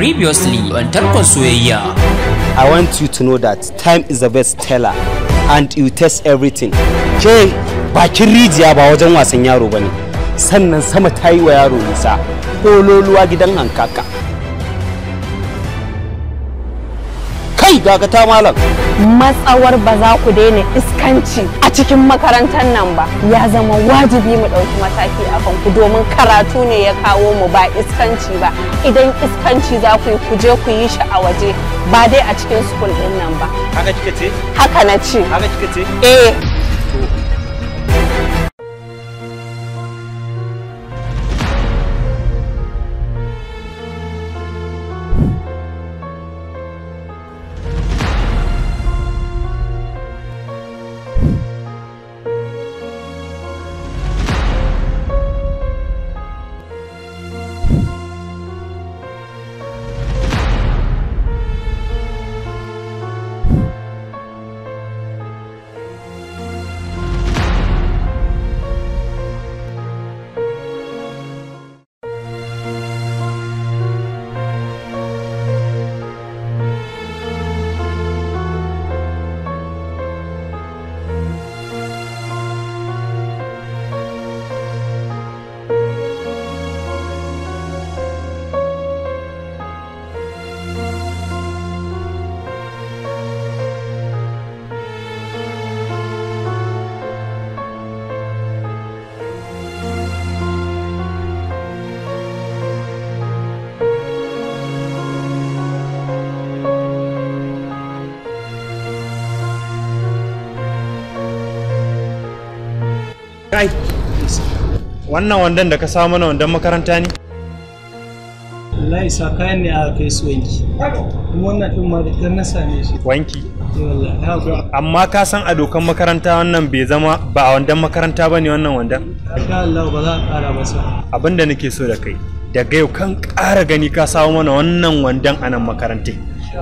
Previously on Tarkon Soyayya. I want you to know that time is the best teller and you test everything. Ke bakin rijiya ba wajen wasan yaro bane. Sannan sama ta yi wa yaro nisa. Kololuwa gidan hankaka. yi dakata malam matsawar ba za ku daina iskanci a cikin makarantar nan ba ya zama wajibi mu ɗauki mataki a ku domin karatu ne ya kawo mu ba iskanci ba idan iskanci za ku yi ku je ku yi shi a waje ba dai a cikin sukul ɗin nan ba haka kika ce haka na ce haka kika ce eh wannan wandon da ka samu mana wandon makaranta ne Allah isa kayan ne a kai su wanki wannan ɗin ma da na same shi wanki eh, amma ka san a dokan makaranta wannan bai zama ba a wandan makaranta ba ne wannan wandan insha Allah ba za a ƙara masa da nake so da kai daga yau kan ƙara gani ka samu mana wannan wandan a nan makarantai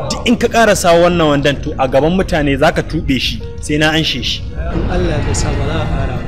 duk in ka ƙara sawo wannan wandan to a gaban mutane za ka tuɓe shi sai na anshe shi in Allah ya sa ba za a ƙara ba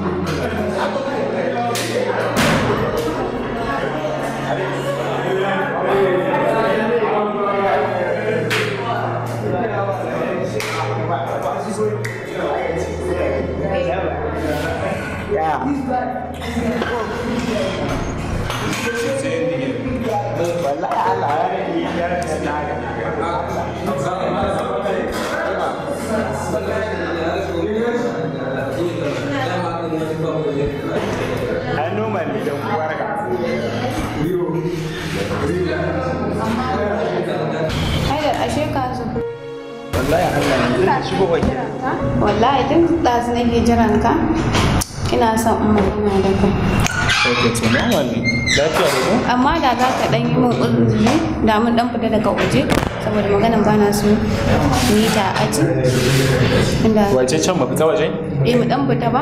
Allah ya ka Wallahi duk ɗazu nake jiran ka. Ina son Umar magana da kai. amma da za ka dan yi min uzuri da mun dan fita daga waje saboda maganan bana su yi ta aji inda waje can ba fita waje eh mu dan fita ba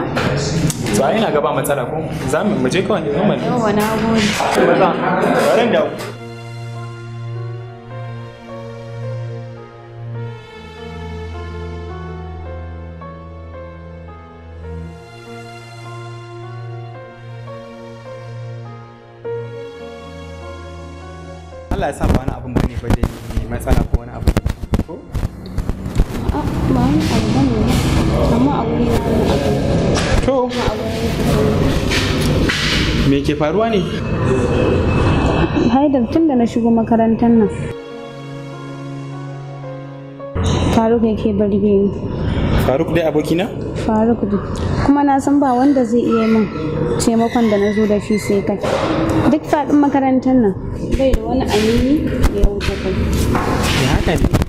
to ai ina gaba matsala ko za mu je kawai normal yawa na gode bari da amma to me ke faruwa ne haidar tun da na shigo makarantar nan faruk yake barge ni faruk dai abokina faruk dai kuma na san ba wanda zai iya min taimakon da na zo da shi sai kai duk faɗin makarantar nan bai da wani amini da ya wuce kai haka ne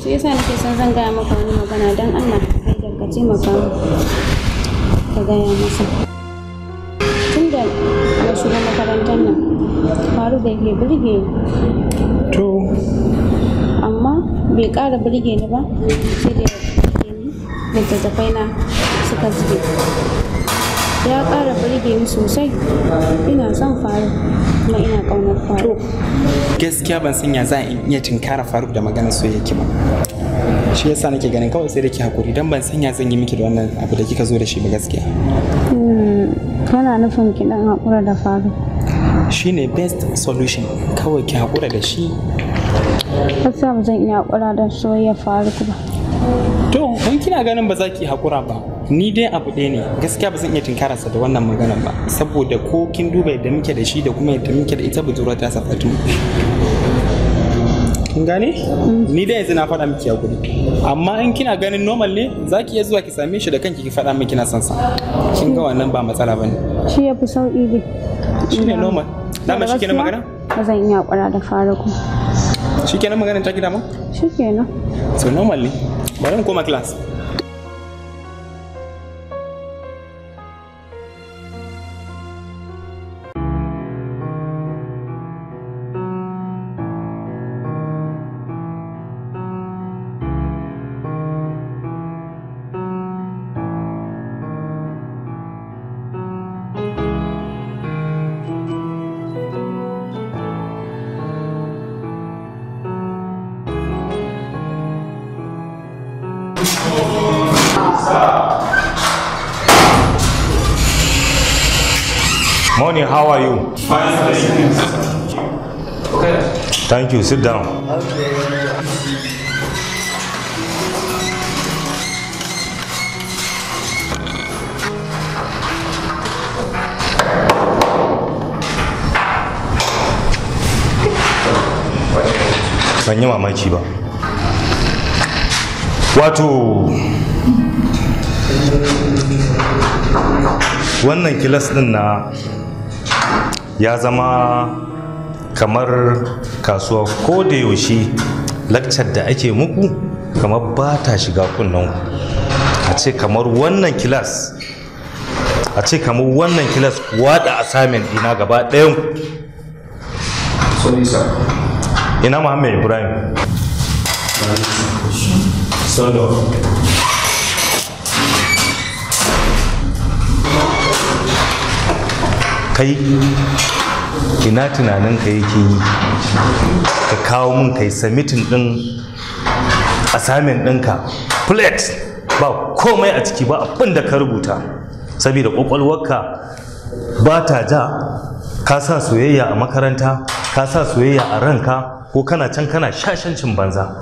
su yi yasa nake son zan gaya maka wani magana don allah haidar ka maka ka gaya masa tun da ya shiga makarantar nan faru da yake birge to amma bai kara birge ni ba sai da tafai na suka zube ya ƙara burge ni sosai ina son faru kuma ina ƙaunar faruk gaskiya ban sanya za a iya tinkara faruk da maganar soyayya ba shi yasa nake ganin kawai sai da ke hakuri dan ban sanya zan yi miki da wannan abu da kika zo da shi ba gaskiya hmm, kana nufin ki dan hakura da faruk shine best solution kawai ki hakura da shi gaskiya ba zan iya hakura da soyayya faruk ba to in kina ganin ba za ki hakura ba ni dai abu ɗaya ne gaskiya ba zan iya sa da wannan magana ba saboda ko kin duba yadda muke da shi da kuma yadda muke da ita budurwa ta safatu kin gane ni dai yanzu na faɗa miki a gudu amma in kina ganin normal ne za ki iya zuwa ki same shi da kanki ki faɗa min kina san sa kin ga wannan ba matsala bane shi ya fi sauƙi ne shi ne normal dama shi kenan magana ba zan iya kwara da ku shi kenan magana ta gida ma shi kenan so normal ne bari mu koma class Morning, how are you? Fine, thank you. Okay. Thank you, sit down. Okay. Ban yi mamaki ba. Wato wannan kilas din na ya zama kamar kasuwa ko da yaushe lakcar da ake muku kamar ba ta shiga kunnen a ce kamar wannan kilas a ce kamar wannan kilas wada assignment ina gaba ɗayan ina muhammad ibrahim kai ina tunanin ka yake yi ka kawo min kai samitin din assignment ɗinka plate ba komai a ciki ba abin da ka rubuta saboda ƙwaƙwalwarka ba ta ja ka sa soyayya a makaranta ka sa soyayya a ranka ko kana can kana shashancin banza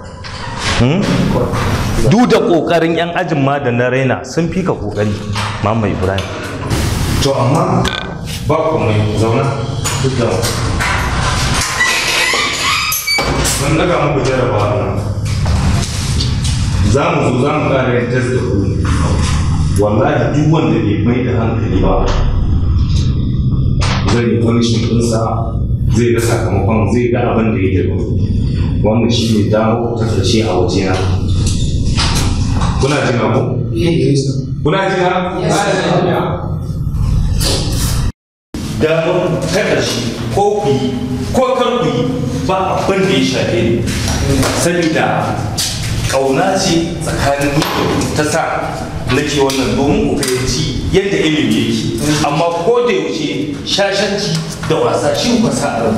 hmm? duk da ƙoƙarin 'yan ajin ma da na raina sun fi ka ƙoƙari mamaye ibrahim to amma ba komai zauna duk da mun daga muku jarabawa nan za mu zo za mu ƙara yin test da ku wallahi duk wanda bai mai da hankali ba zai yi punishment ɗinsa zai ga sakamakon zai ga abin ya girma wannan shi ne dawo ta ƙarshe a wajena kuna jina damar ta ƙarshe ko ku yi ko kar ku yi ba abin da ya shafe ni saboda ƙauna ce tsakanin mutu ta sa nake wannan domin ku fahimci yadda ilimi ke amma ko da yaushe shashanci da wasa shi ku sa a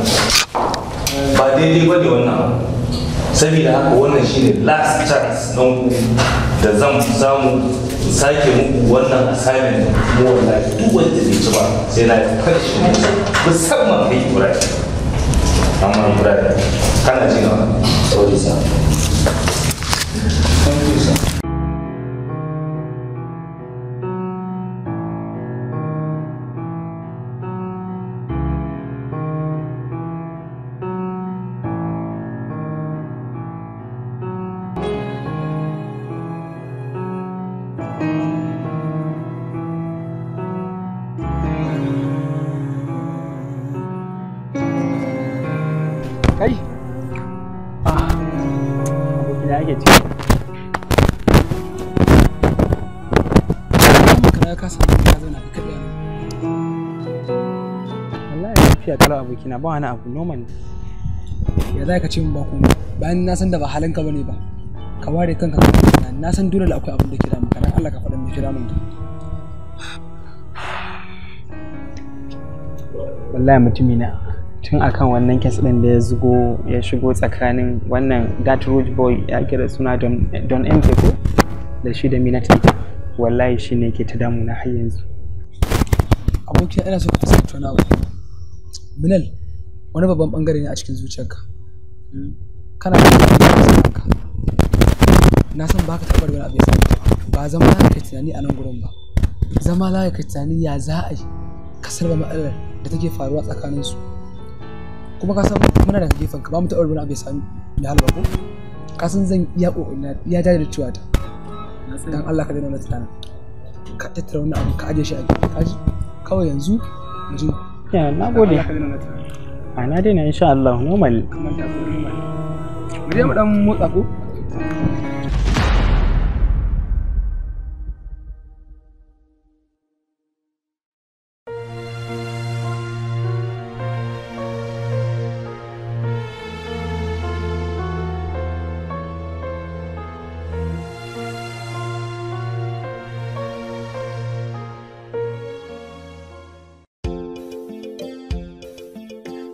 ba daidai ba da wannan abu saboda haka wannan shine last chance na ku da zan samu sake muku wannan assignment mu wallahi duk wanda bai ci ba sai na yi karshe musamman kai Ibrahim amma Ibrahim kana jina sorry sir ya kasa ka zauna ka kaɗai wallahi lafiya kalau abokina ba wani abu normal ya za ka ce min ba kuma bayan na san da ba halinka bane ba ka ware kanka na san dole da akwai abin da ke damu kana Allah ka faɗa mai kira mun wallahi mutumi na tun akan wannan kes din da ya zugo ya shigo tsakanin wannan gatrude boy ya kira suna don mk da shi da minatan wallahi shi ne ke ta damu na har yanzu abokin ina so ka fuskanci wani abu minal wani babban bangare ne a cikin zuciyarka kana da ka na san baka taɓa wani abu ya sani ba zama za ka tunani a nan gurin ba zama za ka tunani ya za a yi kasar ba ma'alar da take faruwa tsakanin su kuma ka san muna daga gefen ka ba mu taɓa wani abu ya sami da halba Kasan ka san zan iya ƙoƙarina iya jajircewa ta dan Allah ka daina wani tunanin ka tattara wannan abu ka aje shi a gidan kaji kawai yanzu mu je ya na gode ana daina insha Allah normal mu je mu dan motsa ko